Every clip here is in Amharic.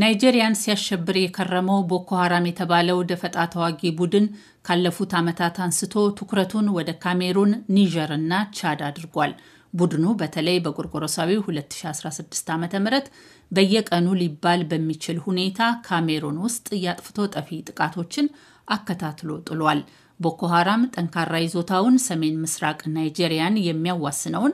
ናይጄሪያን ሲያሸብር የከረመው ቦኮ ሀራም የተባለው ደፈጣ ተዋጊ ቡድን ካለፉት ዓመታት አንስቶ ትኩረቱን ወደ ካሜሩን፣ ኒጀር እና ቻድ አድርጓል። ቡድኑ በተለይ በጎርጎሮሳዊ 2016 ዓ ም በየቀኑ ሊባል በሚችል ሁኔታ ካሜሩን ውስጥ የአጥፍቶ ጠፊ ጥቃቶችን አከታትሎ ጥሏል። ቦኮ ሀራም ጠንካራ ይዞታውን ሰሜን ምስራቅ ናይጄሪያን የሚያዋስነውን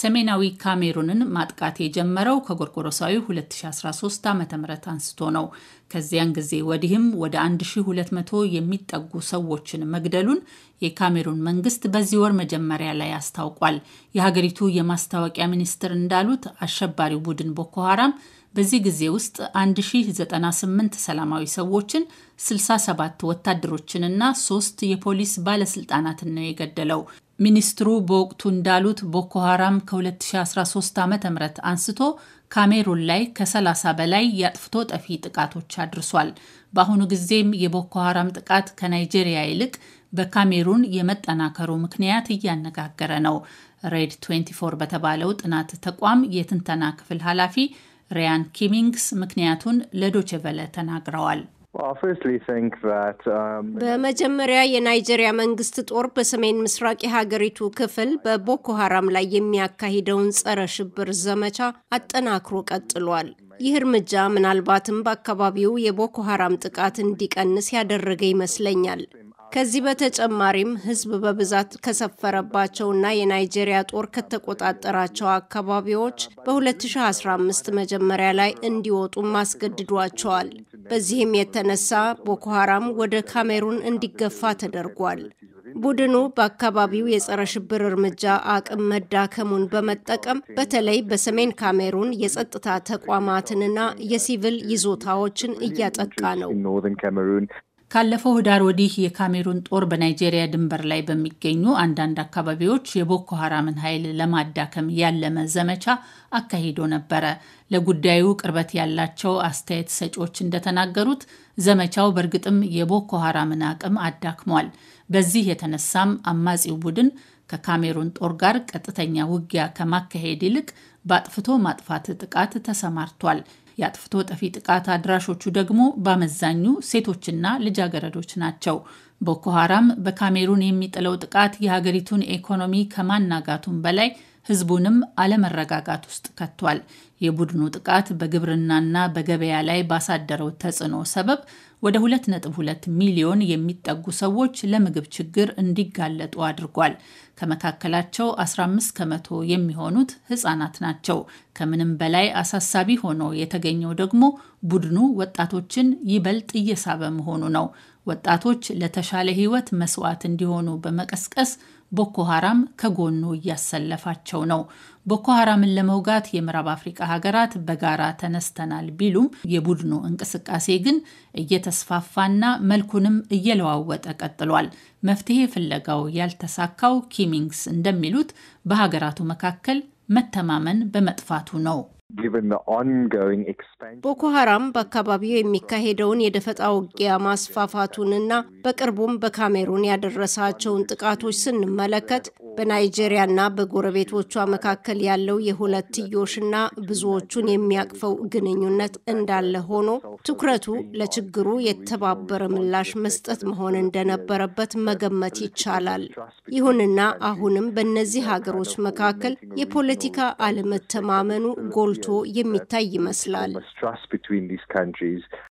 ሰሜናዊ ካሜሩንን ማጥቃት የጀመረው ከጎርጎሮሳዊ 2013 ዓ ም አንስቶ ነው። ከዚያን ጊዜ ወዲህም ወደ 1200 የሚጠጉ ሰዎችን መግደሉን የካሜሩን መንግስት በዚህ ወር መጀመሪያ ላይ አስታውቋል። የሀገሪቱ የማስታወቂያ ሚኒስትር እንዳሉት አሸባሪው ቡድን ቦኮ በዚህ ጊዜ ውስጥ 1098 ሰላማዊ ሰዎችን፣ 67 ወታደሮችንና ሶስት የፖሊስ ባለስልጣናትን ነው የገደለው። ሚኒስትሩ በወቅቱ እንዳሉት ቦኮ ሃራም ከ2013 ዓ ም አንስቶ ካሜሩን ላይ ከ30 በላይ የአጥፍቶ ጠፊ ጥቃቶች አድርሷል። በአሁኑ ጊዜም የቦኮ ሃራም ጥቃት ከናይጄሪያ ይልቅ በካሜሩን የመጠናከሩ ምክንያት እያነጋገረ ነው። ሬድ 24 በተባለው ጥናት ተቋም የትንተና ክፍል ኃላፊ ሪያን ኪሚንግስ ምክንያቱን ለዶቼ ቬለ ተናግረዋል። Um, በመጀመሪያ የናይጄሪያ መንግስት ጦር በሰሜን ምስራቅ የሀገሪቱ ክፍል በቦኮ ሀራም ላይ የሚያካሂደውን ጸረ ሽብር ዘመቻ አጠናክሮ ቀጥሏል። ይህ እርምጃ ምናልባትም በአካባቢው የቦኮ ሀራም ጥቃት እንዲቀንስ ያደረገ ይመስለኛል። ከዚህ በተጨማሪም ህዝብ በብዛት ከሰፈረባቸውና የናይጄሪያ ጦር ከተቆጣጠራቸው አካባቢዎች በ2015 መጀመሪያ ላይ እንዲወጡም አስገድዷቸዋል። በዚህም የተነሳ ቦኮ ወደ ካሜሩን እንዲገፋ ተደርጓል። ቡድኑ በአካባቢው የጸረ ሽብር እርምጃ አቅም መዳከሙን በመጠቀም በተለይ በሰሜን ካሜሩን የጸጥታ ተቋማትንና የሲቪል ይዞታዎችን እያጠቃ ነው። ካለፈው ህዳር ወዲህ የካሜሩን ጦር በናይጄሪያ ድንበር ላይ በሚገኙ አንዳንድ አካባቢዎች የቦኮ ሀራምን ኃይል ለማዳከም ያለመ ዘመቻ አካሂዶ ነበረ። ለጉዳዩ ቅርበት ያላቸው አስተያየት ሰጪዎች እንደተናገሩት ዘመቻው በእርግጥም የቦኮ ሀራምን አቅም አዳክሟል። በዚህ የተነሳም አማጺው ቡድን ከካሜሩን ጦር ጋር ቀጥተኛ ውጊያ ከማካሄድ ይልቅ በአጥፍቶ ማጥፋት ጥቃት ተሰማርቷል። የአጥፍቶ ጠፊ ጥቃት አድራሾቹ ደግሞ በአመዛኙ ሴቶችና ልጃገረዶች ናቸው። ቦኮ በካሜሩን የሚጥለው ጥቃት የሀገሪቱን ኢኮኖሚ ከማናጋቱም በላይ ህዝቡንም አለመረጋጋት ውስጥ ከቷል። የቡድኑ ጥቃት በግብርናና በገበያ ላይ ባሳደረው ተጽዕኖ ሰበብ ወደ 2.2 ሚሊዮን የሚጠጉ ሰዎች ለምግብ ችግር እንዲጋለጡ አድርጓል። ከመካከላቸው 15 ከመቶ የሚሆኑት ህጻናት ናቸው። ከምንም በላይ አሳሳቢ ሆኖ የተገኘው ደግሞ ቡድኑ ወጣቶችን ይበልጥ እየሳበ መሆኑ ነው። ወጣቶች ለተሻለ ህይወት መስዋዕት እንዲሆኑ በመቀስቀስ ቦኮ ሀራም ከጎኑ እያሰለፋቸው ነው። ቦኮ ሀራምን ለመውጋት የምዕራብ አፍሪቃ ሀገራት በጋራ ተነስተናል ቢሉም የቡድኑ እንቅስቃሴ ግን እየተስፋፋና መልኩንም እየለዋወጠ ቀጥሏል። መፍትሄ ፍለጋው ያልተሳካው ኪሚንግስ እንደሚሉት በሀገራቱ መካከል መተማመን በመጥፋቱ ነው። ቦኮ ሀራም በአካባቢው የሚካሄደውን የደፈጣ ውጊያ ማስፋፋቱንና በቅርቡም በካሜሩን ያደረሳቸውን ጥቃቶች ስንመለከት በናይጄሪያና በጎረቤቶቿ መካከል ያለው የሁለትዮሽና ብዙዎቹን የሚያቅፈው ግንኙነት እንዳለ ሆኖ ትኩረቱ ለችግሩ የተባበረ ምላሽ መስጠት መሆን እንደነበረበት መገመት ይቻላል። ይሁንና አሁንም በእነዚህ ሀገሮች መካከል የፖለቲካ አለመተማመኑ ጎልቶ የሚታይ ይመስላል።